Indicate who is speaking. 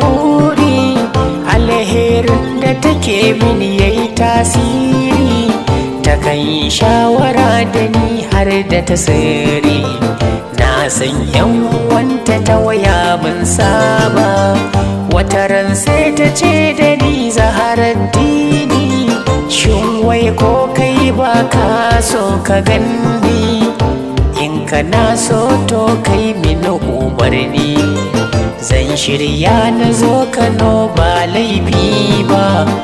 Speaker 1: muri alherin da take mini yayi tasiri ta kan shawara da ni har da ta sirri na san yan wanta ta waya mun saba wata ran sai ta ce da ni zaharar dini shin wai ko kai ba ka so ka gani in ka na so
Speaker 2: to kai me shirya na zo kano ba laifi ba